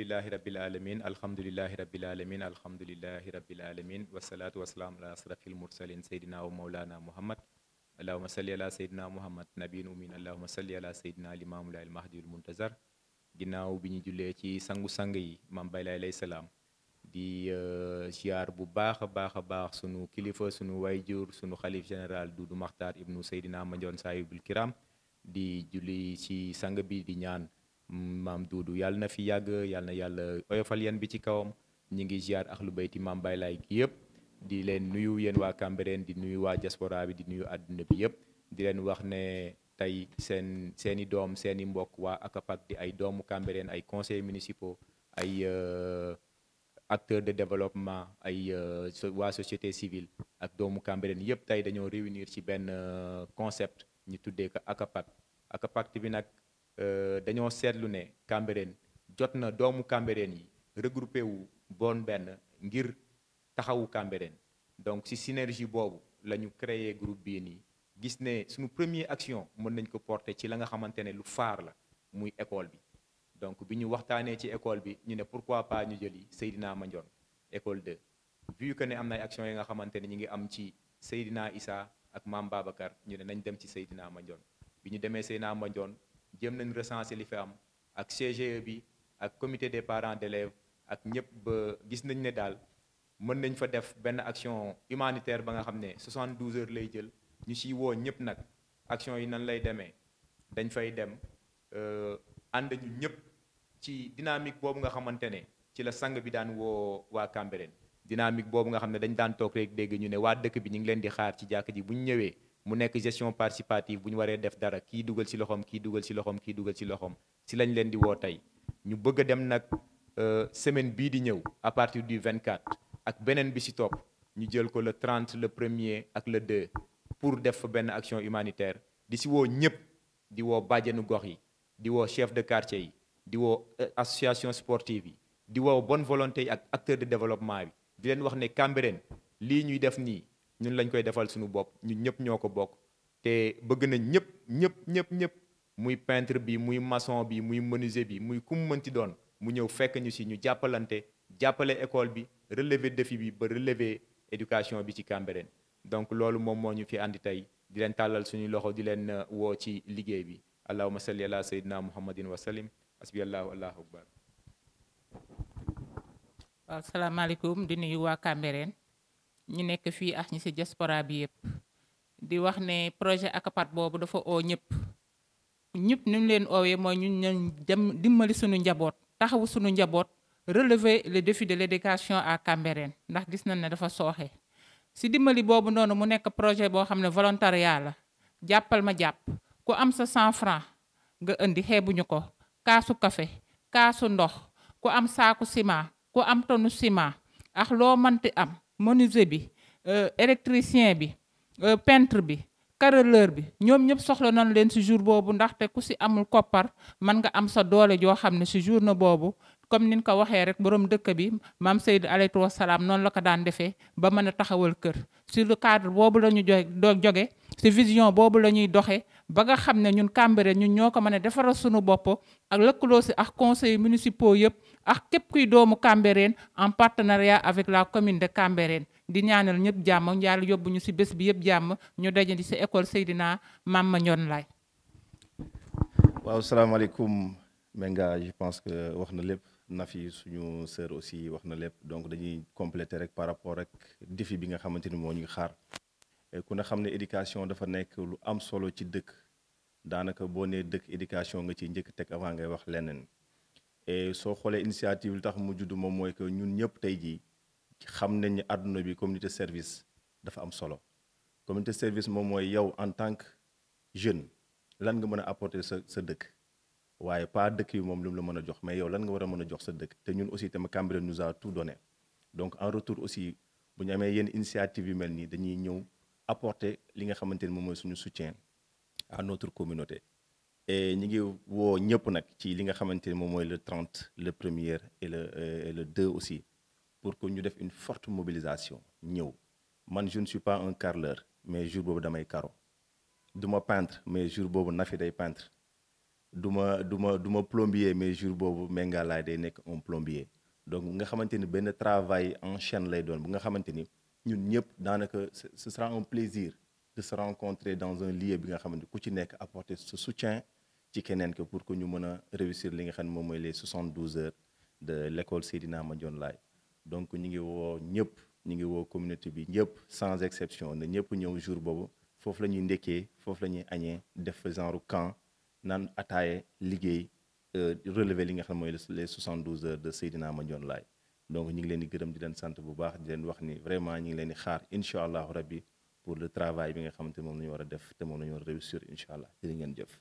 alhamdulilahi rabil alamin alhamdulilahi rabil alamin alhamdulilahi rabil alamin wasalaatu wasalaam ala asrafil mursalin seydina wa mawlana muhammad allahuma salli ala seydina muhammad nabiin umin allahuma salli ala seydina limaamulaay almahdiul muntazar ginnaaw bi ñu jullee ci sangu-sang yi maam baylaay lay salaam di euh, ziar bu baax a baax a baax sunu kilifa sunu wayjur sunu xalif général Duudu Maxtaar ibnu seydina manjoon saayibul kiram di julli ci sang bi di ñaan maam Duudu yàlla na fi yàgg yàlla na yàlla oyofal yan bi ci kawam ñi ngi ziar axlu bayti maam Baye Laay gi yëpp di leen nuyu yéen waa Cambérène di nuyu waa diaspora bi di nuyu àdduna bi yëpp di leen wax ne tey seen seeni doom seeni mbokk waa ACAPAC di ay doomu Cambérène ay conseils municipaux ay euh, acteurs de développement ay euh, waa société civile ak doomu Cambérène yëpp tey dañoo réunir ci benn euh, concept ñu tuddee ko ACAPAC ACAPAC bi nag Euh, dañoo seetlu ne Cambérène jot na doomu Cambérène yi regroupé wu boon benn ngir taxawu Cambérène donc ci synergie boobu la ñu créé groupe bii nii gis ne suñu premier action mën nañ ko porter ci la nga xamante ne lu faar la muy école bi donc bi ñu waxtaanee ci école bi ñu ne pourquoi pas ñu jëli Seydina Mandione école de vu que ne am na ay actions yi nga xamante ne ñu ngi am ci Seydina Issa ak Maam Babacar ñu ne nañ dem ci Seydina Mandione bi ñu demee Seydina Mandione jëm nañ recenser li fi am ak cg e bi ak comité des parents d'élèves ak ñëpp ba gis nañ ne daal mën nañ fa def benn action humanitaire ba nga xam ne 72 heures lay jël ñu si woo ñëpp nag action yi nan lay demee dañ fay dem euh, ànd ñu ñëpp ci dynamique boobu nga xamante ne ci la sang bi daan woo waa Cambérène dynamique boobu nga xam ne dañ daan toog rek dégg ñu ne waa dëkk bi ñu ngi leen di xaar ci jàkk ji bu ñu ñëwee mu nekk gestion participative bu ñu waree def dara kii dugal ci loxoom kii dugal ci loxoom kii dugal ci loxoom ci lañ leen di woo tey ñu bëgg a dem nag euh, semaine bii di ñëw à partir du 24 ak beneen bi ci topp ñu jël ko le trente le premier ak le 2 pour def fa benn action humanitaire di si woo ñëpp di woo bàjjenu gox yi di woo chef de quartier yi di woo euh, association sportive yi di woo bonne volonté yi ak acteur de développement bi di leen wax ne Cambérène lii ñuy def nii ñun lañ koy defal suñu bopp ñun ñëpp ñoo ko bokk te bëgg nañ ñëpp ñëpp ñëpp ñëpp muy pentre bi muy maçon bi muy menuisier bi muy ku mu mënti doon mu ñëw fekk ñu si ñu jàppalante jàppale école bi relever défi bi ba relever éducation bi ci Cambérène donc loolu moom moo ñu fi andi tey di leen tàllal suñu loxo di leen euh, woo ci liggéey bi allahuma salli ala sayyidina muhammadin wa salim asbi allahu allahu akbar ñu nekk fii ak ñi ci diaspora bi yëpp di wax ne projet ACAPAT boobu dafa oo ñëpp ñëpp ni mu leen oowee mooy ñu ñun dem dimbali suñu njaboot taxawu sunu njaboot relever le défi de l'éducation à Cambérène ndax gis nañ ne dafa sooxe si dimbali boobu noonu mu nekk projet boo xam ne volontariat la jàppal ma jàpp ku am sa cent francs nga indi xeebuñu ko kaasu kafe kaasu ndox ku am saaku ciment ku am tonu ciment ak loo mënti am menuisier bi euh, électricien bi euh, pentre bi carreleur bi ñoom ñëpp soxla nañ leen ci jour boobu ndaxte ku ci amul koppar mën nga am sa doole joo xam ne ci journée boobu comme niñ ko waxee rek borom dëkk bi maam Seydou alayhi wasalaam noonu la ko daan defee ba mën a taxawal kër sur lu cadre boobu la ñu jo joge ci vision boobu la ñuy doxee ba nga xam ne ñun Cambérène ñun ñoo ko mën a defaral suñu bopp ak lëkkaloo si ak conseil municipaux yëpp ak képp kuy doomu Cambérène en partenariat avec la commune de Cambérène di ñaanal ñëpp jàmm yàlla yóbbu ñu si bés bi yëpp jàmm ñu daje si école Seydina Mame Mandione Laye waaw salaamaaleykum Menga je pense que wax na lépp Nafi suñu sœur aussi wax na lépp donc dañuy compléter rek par rapport rek défi bi nga xamante ni moo ñuy xaar Eh, ku ne xam ne éducation dafa nekk lu am solo ci dëkk daanaka boo nee dëkk éducation nga ci njëkk teg avant ngay wax leneen et eh, soo xoolee initiative li tax mu judd moom mooy que ñun ñëpp tey jii xam nañ ni àdduna bi communauté service dafa am solo communauté service moom mooy yow en tant que jeune lan nga mën a apporter sa sa dëkk waaye pas dëkk yi moom lu mu la mën a jox mais yow lan nga war a mën a jox sa dëkk te ñun aussi tamit Cambérène nous a tout donné donc en retour aussi bu ñu amee yenn initiative yu mel nii dañuy ñëw. apporter li nga xamante ni moom mooy suñu soutien à notre communauté et ñu ngi woo ñëpp nag ci li nga xamante ni moom mooy le 30 le premier et le euh, et le 2 aussi pour que ñu def une forte mobilisation ñëw man je ne suis pas un carreleur mais jour boobu damay caro du ma peintre mais jour boobu Nafi day peintre du ma du ma du ma plombier mais jour boobu Menga laay day nekk un plombier donc nga xamante ni benn travail en chaîne lay doon bu nga xamante ni ñun ñëpp daanaka ce sera un plaisir de se rencontrer dans un lieu bi nga xamante ku ci nekk apporter ce soutien ci keneen que pour que ñu mën a réussir li nga xam ne moom mooy les 72 heures de l'école Seydina Madione Laye donc ñu ngi woo ñëpp ñu ngi woo communauté bi ñëpp sans exception na ñëpp ñëw jour boobu foofu la ñuy ndekkee foofu la ñuy añee def fa genre camp naan ataaye liggéey euh, relever li nga xam ne mooy les 72 heures de Seydina Madione Laye donc ñu ngi leen di gërëm di leen sant bu baax di leen wax ni vraiment ñu ngi leen di xaar incha allahu rabbi pour le travail bi nga xamante moom la war a def te moom la ñu war a réussir incha allah jërë ngeen jëf